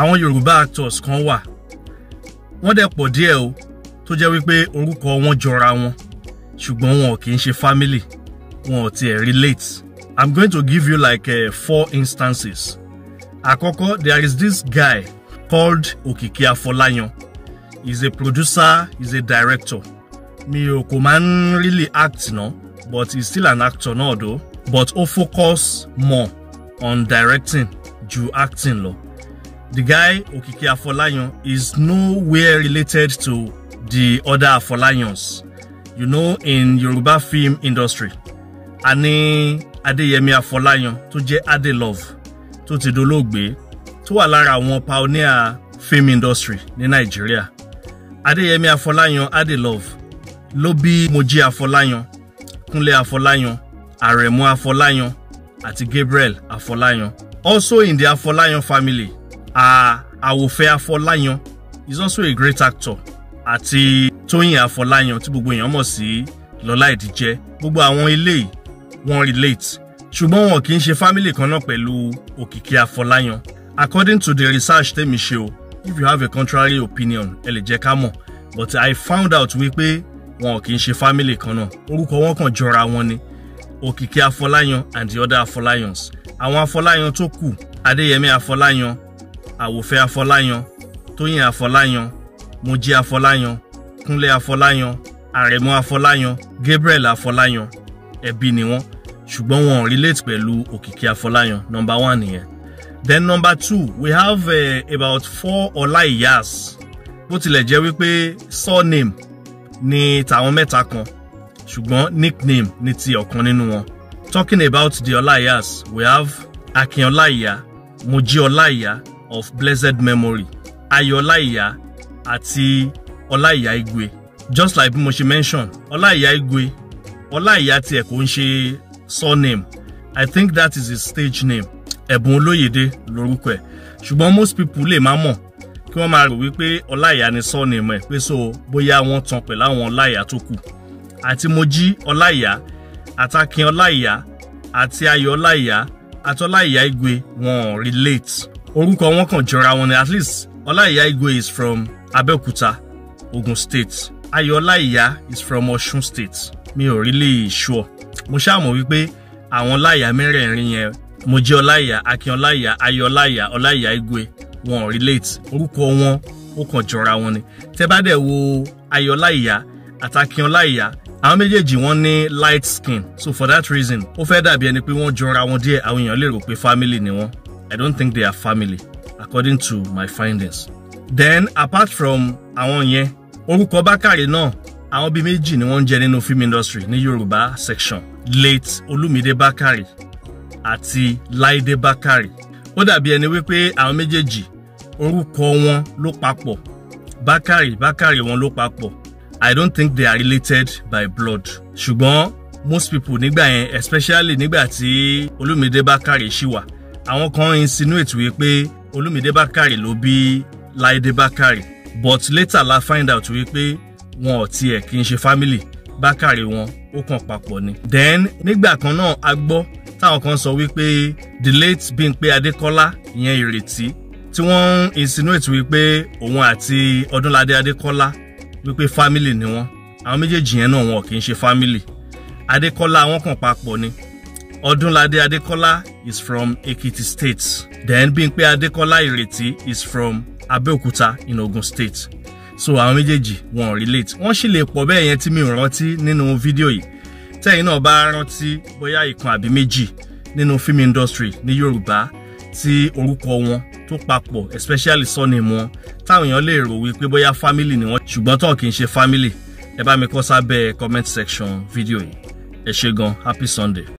àwọn yorùbá actors kan wà wọ́n dẹ̀ pọ̀ díẹ̀ o tó jẹ́ wípé orúkọ wọn jọra wọn ṣùgbọ́n wọn kì í ṣe family wọn ò tiẹ̀ relate i'm going to give you like uh, four instances àkọ́kọ́ there is this guy called Òkìkí Afọláyan he's a producer he's a director mi ò kò máa ń really act náà but he's still an actor náà though but ó focus more on directing ju acting lọ the guy Okiki Afolayan is nowhere related to the other Afolayans. You know, in Yoruba film industry, Ani Adeyemi Afolayan, Afọláyan tó jẹ́ Adelove tó ti Dologbe, to alara lára àwọn pioneer film industry ní Nigeria. Adeyemi Afolayan, Ade Love, Lobi Mojí Afolayan, Kunle Afolayan, Àrẹ̀mú Afolayan, ati Gabriel Afolayan, Also in the Afolayan family uh, ah, Awofe Afolayan is also a great actor àti Tóyìn Afọláyan tí gbogbo èèyàn mọ̀ sí Lọlá Ìdíjẹ gbogbo àwọn eléyìí wọ́n relate ṣùgbọ́n wọn kì í ṣe family kan náà pẹ̀lú Òkìkí Afọláyan according to the research tèmi ṣe o if you have a contrary opinion ẹ lè jẹ́ ká mọ̀ but I found out wípé wọn kì í ṣe family kan náà orúkọ wọn kàn jọra wọn ni Òkìkí Afọláyan and the other Afọláyans àwọn Afọláyan tó kù Adéyẹmí Afọláyan àwòfẹ́ afọláyan tóyìn afọláyan mojí afọláyan kúnlé afọláyan àrẹ̀mọ afọláyan gabriel afọláyan ẹbí ni wọ́n ṣùgbọ́n wọn ò relate pẹ̀lú òkìkí afọláyan nọmba one nìyẹn then number two we have uh, about four ọláìyáàs bó tilẹ̀ jẹ́ wípé surname ni tàwọn mẹ́ta kan ṣùgbọ́n nickname ni ti ọ̀kan nínú wọn talking about the ọláìyáàs we have akin ọláìyá mojí ọláìyá of blessed memory ayọ̀ ọláìyá àti ọláìyá igwe just like bí mo ṣe mention ọláìyá igwe ọláìyá tiẹ̀ kò ń ṣe surname i think that is his stage name ẹ̀bùn olóyèdè lorúkọ ẹ̀ ṣùgbọ́n most people lè má mọ̀ kí wọ́n máa rò wípé ọláìyá ni surname ẹ̀ pé so bóyá wọ́n tan pẹ̀lú àwọn ọláìyá tó kù àti mojí ọláìyá àtàkìn ọláìyá àti ayọ̀ ọláìyá àtọ́láìyá igwe wọn relate orúkọ wọn kàn jọra wọn ni at least ọláìyá igwe is from abẹ́òkúta ogun state ayọ̀ ọláìyá is from ọ̀ṣun state mi ò really sure mo ṣàmọ̀ wípé àwọn ọláìyá mẹ́rẹ̀ẹ̀rin yẹn mojì ọláìyá akin ọláìyá ayọ̀ ọláìyá ọláìyá igwe wọn relate orúkọ wọn ó kàn jọra wọn ni tẹ bá dẹ̀ wo ayọ̀ ọláìyá àtàkin ọláìyá àwọn méjèèjì wọn ní light skin so for that reason ó fẹ́ dàbí ẹni pé wọ́n jọra wọn díẹ̀ àwọn èèyàn lè rò pé family ni wọ́n. I don't think they are family according to my findings. Then apart from àwọn yẹn orúkọ no, náà àwọn bíi méjì ni wọ́n ń jẹ film industry ní Yoruba section late Olúmídé Bákàrè àti Láìdé Bákàrè ó dàbí ẹni wípé àwọn méjèèjì orúkọ Kowon lo papo, Bakari Bakari won lo papo. I don't think they are related by blood ṣùgbọ́n most people nígbà yẹn especially nígbà tí Olúmídé Bákàrè ṣì àwọn kan insinuate wípé Olúmídé Bákàrè ló bí Láídé Bákàrè but later la find out wípé wọn ò tiẹ̀ kì í ṣe family Bákàrè wọn ó kàn papọ̀ ni. then nígbà kan náà a gbọ́ táwọn kan sọ wípé the late Bímpé Adékọ́lá ìyẹn Ìrètí tí wọ́n ń insinuate wípé òun àti Ọdúnládé Adekola, wípé family ni wọ́n àwọn méjèèjì yẹn náà wọn ò kì í ṣe family Adékọ́lá wọn kàn papọ̀ ni Odunlade Adekola is from Ekiti State. Then Bimpe Adekola Ireti is from Abeokuta in Ogun State. So àwọn méjèèjì wọn relate. Wọ́n sì lè pọ̀ bẹ́ẹ̀ yẹn tí mi rántí nínú fídíò yìí. Tẹ́yìn náà bá rántí bóyá ìkan àbí méjì nínú film industry ní Yorùbá tí orúkọ wọn tó papọ̀ especially sọ́ni wọn táwọn èèyàn lè rò wípé bóyá family ni wọ́n ṣùgbọ́n tó kì í ṣe family ẹ bá mi kọ sábẹ́ comment section fídíò yìí ẹ ṣé gan happy sunday.